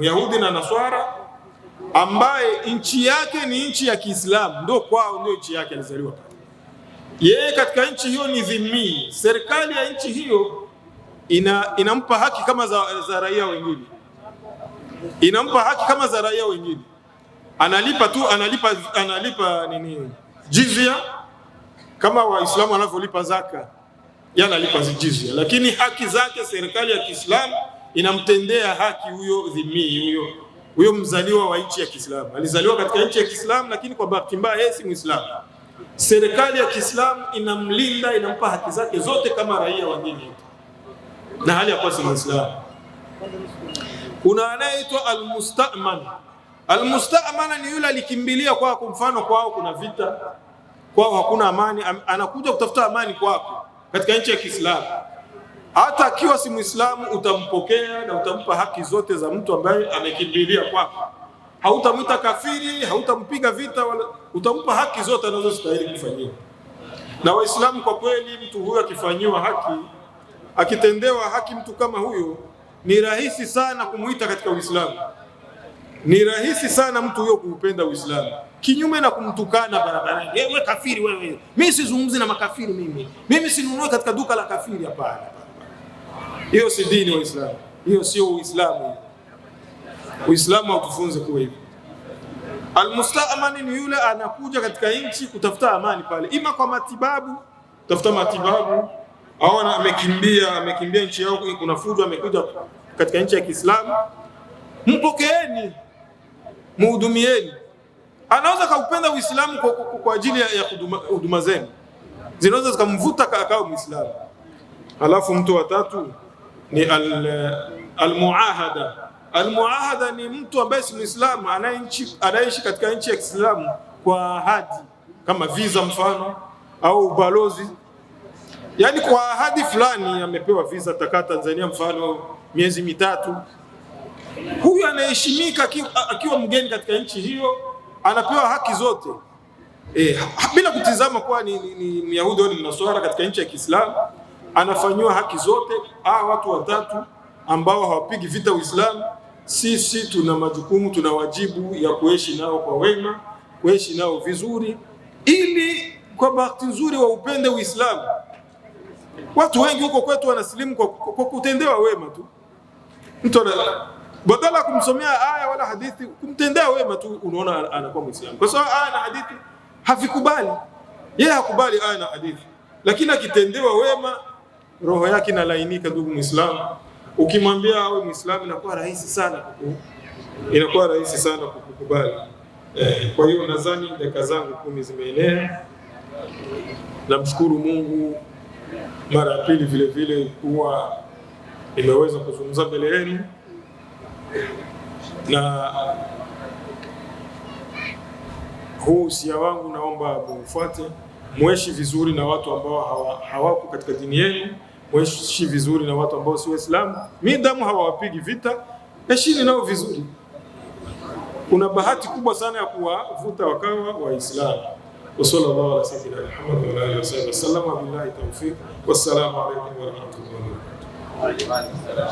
Myahudi na Naswara ambaye nchi yake ni nchi ya Kiislamu, ndio kwao, ndio nchi yake, alizaliwa Yeye katika nchi hiyo ni dhimmi, serikali ya nchi hiyo ina, inampa haki kama za, za raia wengine, inampa haki kama za raia wengine, analipa tu analipa, analipa nini jizya kama Waislamu wanavyolipa zaka, analipa jizia, lakini haki zake serikali ya Kiislamu inamtendea haki huyo dhimii, huyo huyo mzaliwa wa nchi ya Kiislamu. Alizaliwa katika nchi ya Kiislamu, lakini kwa bahati mbaya yeye si Muislamu. Serikali ya Kiislamu inamlinda, inampa haki zake zote kama raia wa dini, na hali ya kuwa si Muislamu. Kuna anayeitwa almustaman. Almustamana ni yule alikimbilia kwako, mfano kwao kuna vita, kwao hakuna amani, anakuja kutafuta amani kwako katika nchi ya Kiislamu hata akiwa si Muislamu utampokea na utampa haki zote za mtu ambaye amekimbilia kwako. Hautamwita kafiri, hautampiga vita wala, utampa haki zote anazostahili kufanyiwa na Waislamu. Kwa kweli, mtu huyo akifanyiwa haki, akitendewa haki, mtu kama huyo ni rahisi sana kumwita katika Uislamu, ni rahisi sana mtu huyo kuupenda Uislamu, kinyume na kumtukana barabarani, wewe kafiri wewe. Mimi sizungumzi na makafiri mimi, mimi sinunue katika duka la kafiri, hapana. Hiyo si dini Waislamu, hiyo sio Uislamu. Uislamu hautufunze kuwa hivyo. Almustaamani ni yule anakuja katika nchi kutafuta amani pale, ima kwa matibabu, tafuta matibabu, aona amekimbia, amekimbia nchi yao, kuna fujo, amekuja katika nchi ya Kiislamu, mpokeeni, muhudumieni. Anaweza kaupenda Uislamu kwa, kwa, kwa ajili ya huduma zenu zinaweza zikamvuta akawa Muislamu. Alafu mtu wa tatu ni almuahada. Almuahada ni mtu ambaye si Muislamu anayeishi katika nchi ya Kiislamu kwa ahadi, kama visa mfano au ubalozi, yaani kwa ahadi fulani amepewa visa takaa Tanzania, mfano miezi mitatu. Huyu anaheshimika akiwa mgeni katika nchi hiyo, anapewa haki zote e, bila kutizama kuwa ni Myahudi au ni Mnaswara katika nchi ya Kiislamu anafanyiwa haki zote. Hawa watu watatu ambao hawapigi vita Uislamu, sisi tuna majukumu, tuna wajibu ya kuishi nao kwa wema, kuishi nao vizuri, ili kwa bahati nzuri waupende Uislamu. Watu wengi huko kwetu wanasilimu kwa, kwa kutendewa wema tu, mtu badala ya kumsomea aya wala hadithi, kumtendea wema tu, unaona anakuwa Muislamu, kwa sababu aya na hadithi havikubali. Yeye hakubali aya na hadithi, lakini akitendewa wema roho yake inalainika, ndugu Muislamu. Ukimwambia awe Muislamu inakuwa rahisi sana kuku, inakuwa rahisi sana kukukubali. Eh, kwa hiyo nadhani dakika zangu kumi zimeenea. Namshukuru Mungu mara ya pili vile vile kuwa nimeweza kuzungumza mbele yenu na huu usia wangu naomba muufuate, mweshi vizuri na watu ambao hawako hawa katika dini yenu waishi vizuri na watu ambao si Waislamu, damu hawawapigi vita, ishi nao vizuri. Kuna bahati kubwa sana ya kuwavuta wakawa Waislamu. Wasallallahu ala sayyidina Muhammad wa alihi wasallam. Wassalamu billahi tawfiq. Wassalamu alaykum wa rahmatullahi wa barakatuh.